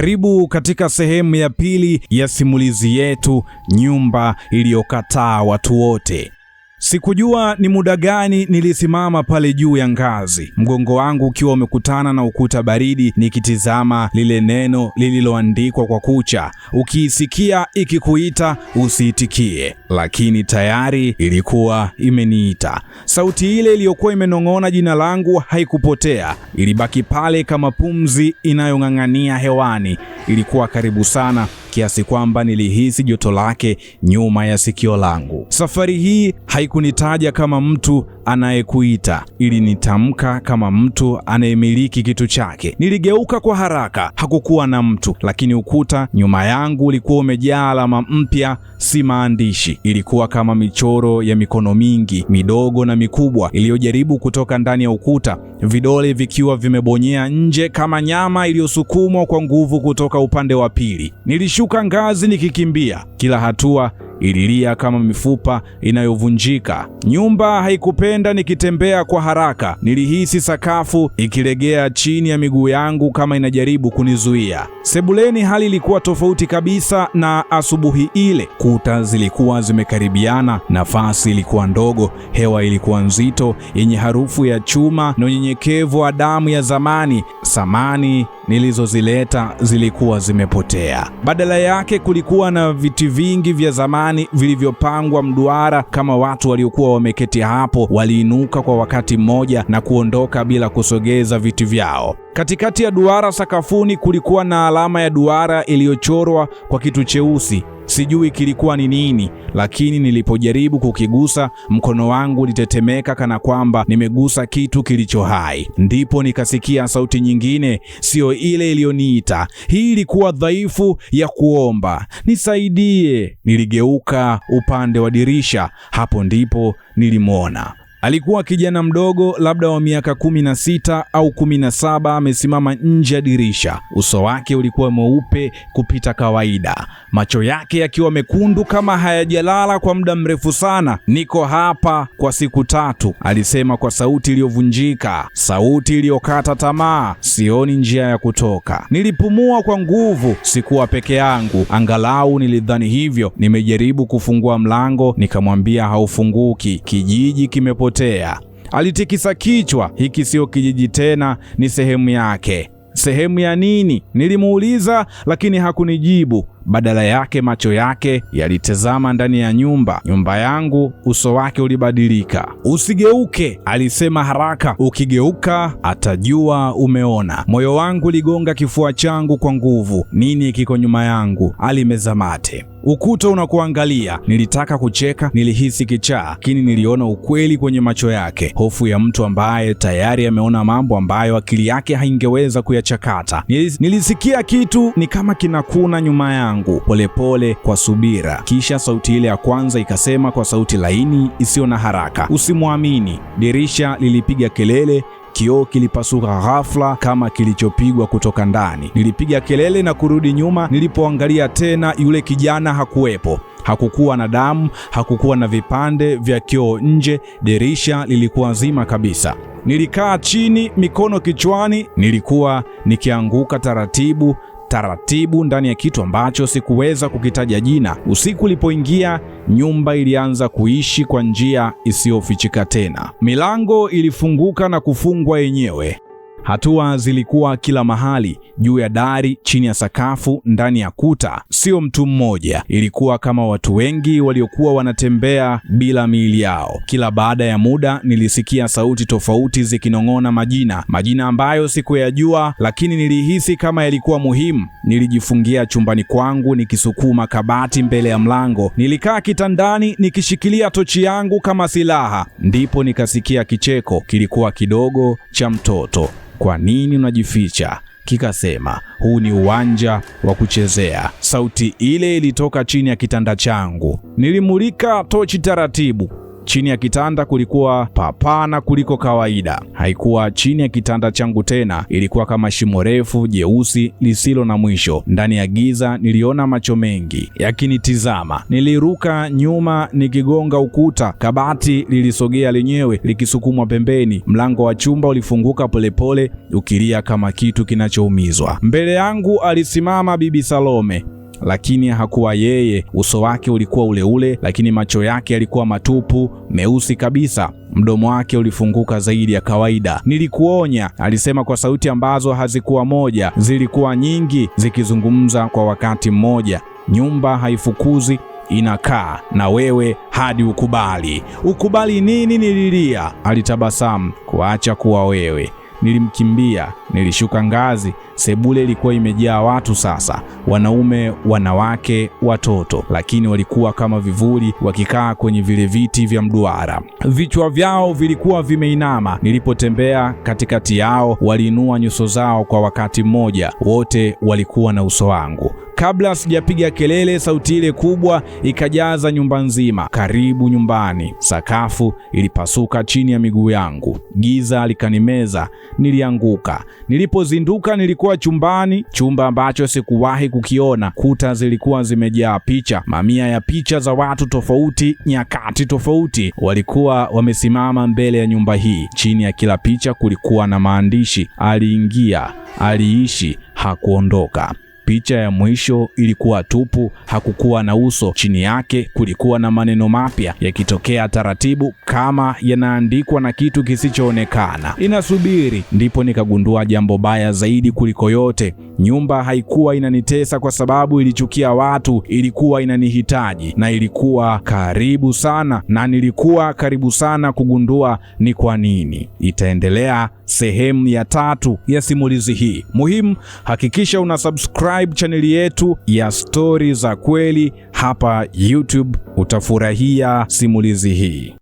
Karibu katika sehemu ya pili ya simulizi yetu Nyumba Iliyokataa Watu Wote. Sikujua ni muda gani nilisimama pale juu ya ngazi, mgongo wangu ukiwa umekutana na ukuta baridi, nikitizama lile neno lililoandikwa kwa kucha, ukiisikia ikikuita usiitikie, lakini tayari ilikuwa imeniita. Sauti ile iliyokuwa imenong'ona jina langu haikupotea, ilibaki pale kama pumzi inayong'ang'ania hewani. Ilikuwa karibu sana, kiasi kwamba nilihisi joto lake nyuma ya sikio langu. Safari hii haikunitaja kama mtu anayekuita, ili nitamka kama mtu anayemiliki kitu chake. Niligeuka kwa haraka, hakukuwa na mtu, lakini ukuta nyuma yangu ulikuwa umejaa alama mpya, si maandishi. Ilikuwa kama michoro ya mikono mingi, midogo na mikubwa, iliyojaribu kutoka ndani ya ukuta, vidole vikiwa vimebonyea nje kama nyama iliyosukumwa kwa nguvu kutoka upande wa pili. Nilish Nilishuka ngazi nikikimbia, kila hatua ililia kama mifupa inayovunjika. Nyumba haikupenda nikitembea kwa haraka, nilihisi sakafu ikilegea chini ya miguu yangu kama inajaribu kunizuia. Sebuleni hali ilikuwa tofauti kabisa na asubuhi ile. Kuta zilikuwa zimekaribiana, nafasi ilikuwa ndogo, hewa ilikuwa nzito, yenye harufu ya chuma na unyenyekevu wa damu ya zamani. Samani nilizozileta zilikuwa zimepotea, badala yake kulikuwa na viti vingi vya zamani fulani vilivyopangwa mduara kama watu waliokuwa wameketi hapo waliinuka kwa wakati mmoja na kuondoka bila kusogeza viti vyao. Katikati ya duara sakafuni kulikuwa na alama ya duara iliyochorwa kwa kitu cheusi. Sijui kilikuwa ni nini, lakini nilipojaribu kukigusa, mkono wangu ulitetemeka kana kwamba nimegusa kitu kilicho hai. Ndipo nikasikia sauti nyingine, siyo ile iliyoniita. Hii ilikuwa dhaifu ya kuomba, nisaidie. Niligeuka upande wa dirisha, hapo ndipo nilimwona Alikuwa kijana mdogo labda wa miaka kumi na sita au kumi na saba amesimama nje ya dirisha. Uso wake ulikuwa mweupe kupita kawaida, macho yake yakiwa mekundu kama hayajalala kwa muda mrefu sana. Niko hapa kwa siku tatu, alisema kwa sauti iliyovunjika, sauti iliyokata tamaa. Sioni njia ya kutoka. Nilipumua kwa nguvu. Sikuwa peke yangu, angalau nilidhani hivyo. Nimejaribu kufungua mlango, nikamwambia haufunguki. Kijiji kimepo kupotea. Alitikisa kichwa, hiki siyo kijiji tena, ni sehemu yake. Sehemu ya nini? Nilimuuliza, lakini hakunijibu. Badala yake macho yake yalitazama ndani ya nyumba, nyumba yangu. Uso wake ulibadilika. Usigeuke, alisema haraka, ukigeuka atajua umeona. Moyo wangu ligonga kifua changu kwa nguvu. Nini kiko nyuma yangu? Alimeza mate. Ukuta unakuangalia. Nilitaka kucheka, nilihisi kichaa, lakini niliona ukweli kwenye macho yake, hofu ya mtu ambaye tayari ameona mambo ambayo akili yake haingeweza kuyachakata. Nilisikia kitu ni kama kinakuna nyuma yangu, polepole pole, kwa subira. Kisha sauti ile ya kwanza ikasema kwa sauti laini isiyo na haraka, usimwamini. Dirisha lilipiga kelele Kioo kilipasuka ghafla kama kilichopigwa kutoka ndani. Nilipiga kelele na kurudi nyuma. Nilipoangalia tena, yule kijana hakuwepo. Hakukuwa na damu, hakukuwa na vipande vya kioo nje. Dirisha lilikuwa zima kabisa. Nilikaa chini, mikono kichwani. Nilikuwa nikianguka taratibu taratibu ndani ya kitu ambacho sikuweza kukitaja jina. Usiku ulipoingia, nyumba ilianza kuishi kwa njia isiyofichika tena. Milango ilifunguka na kufungwa yenyewe. Hatua zilikuwa kila mahali, juu ya dari, chini ya sakafu, ndani ya kuta. Sio mtu mmoja, ilikuwa kama watu wengi waliokuwa wanatembea bila miili yao. Kila baada ya muda nilisikia sauti tofauti zikinong'ona majina, majina ambayo sikuyajua, lakini nilihisi kama yalikuwa muhimu. Nilijifungia chumbani kwangu nikisukuma kabati mbele ya mlango. Nilikaa kitandani nikishikilia tochi yangu kama silaha. Ndipo nikasikia kicheko, kilikuwa kidogo cha mtoto kwa nini unajificha? Kikasema, huu ni uwanja wa kuchezea. Sauti ile ilitoka chini ya kitanda changu. Nilimulika tochi taratibu Chini ya kitanda kulikuwa papana kuliko kawaida. Haikuwa chini ya kitanda changu tena, ilikuwa kama shimo refu jeusi lisilo na mwisho. Ndani ya giza niliona macho mengi yakinitizama. Niliruka nyuma nikigonga ukuta. Kabati lilisogea lenyewe likisukumwa pembeni. Mlango wa chumba ulifunguka polepole, ukilia kama kitu kinachoumizwa. Mbele yangu alisimama Bibi Salome lakini hakuwa yeye. Uso wake ulikuwa ule ule, lakini macho yake yalikuwa matupu, meusi kabisa. Mdomo wake ulifunguka zaidi ya kawaida. Nilikuonya, alisema kwa sauti ambazo hazikuwa moja, zilikuwa nyingi, zikizungumza kwa wakati mmoja. Nyumba haifukuzi, inakaa na wewe hadi ukubali. Ukubali nini? Nililia. Alitabasamu. Kuacha kuwa wewe Nilimkimbia, nilishuka ngazi. Sebule ilikuwa imejaa watu sasa, wanaume, wanawake, watoto, lakini walikuwa kama vivuli, wakikaa kwenye vile viti vya mduara. Vichwa vyao vilikuwa vimeinama. Nilipotembea katikati yao, waliinua nyuso zao kwa wakati mmoja, wote walikuwa na uso wangu. Kabla sijapiga kelele, sauti ile kubwa ikajaza nyumba nzima. Karibu nyumbani, sakafu ilipasuka chini ya miguu yangu, giza likanimeza, nilianguka. Nilipozinduka nilikuwa chumbani, chumba ambacho sikuwahi kukiona. Kuta zilikuwa zimejaa picha, mamia ya picha za watu tofauti, nyakati tofauti, walikuwa wamesimama mbele ya nyumba hii. Chini ya kila picha kulikuwa na maandishi: aliingia, aliishi, hakuondoka. Picha ya mwisho ilikuwa tupu, hakukuwa na uso. Chini yake kulikuwa na maneno mapya yakitokea taratibu, kama yanaandikwa na kitu kisichoonekana. Inasubiri. Ndipo nikagundua jambo baya zaidi kuliko yote. Nyumba haikuwa inanitesa kwa sababu ilichukia watu, ilikuwa inanihitaji, na ilikuwa karibu sana, na nilikuwa karibu sana kugundua ni kwa nini. Itaendelea sehemu ya tatu ya simulizi hii. Muhimu, hakikisha una subscribe subscribe chaneli yetu ya Stori za Kweli hapa YouTube, utafurahia simulizi hii.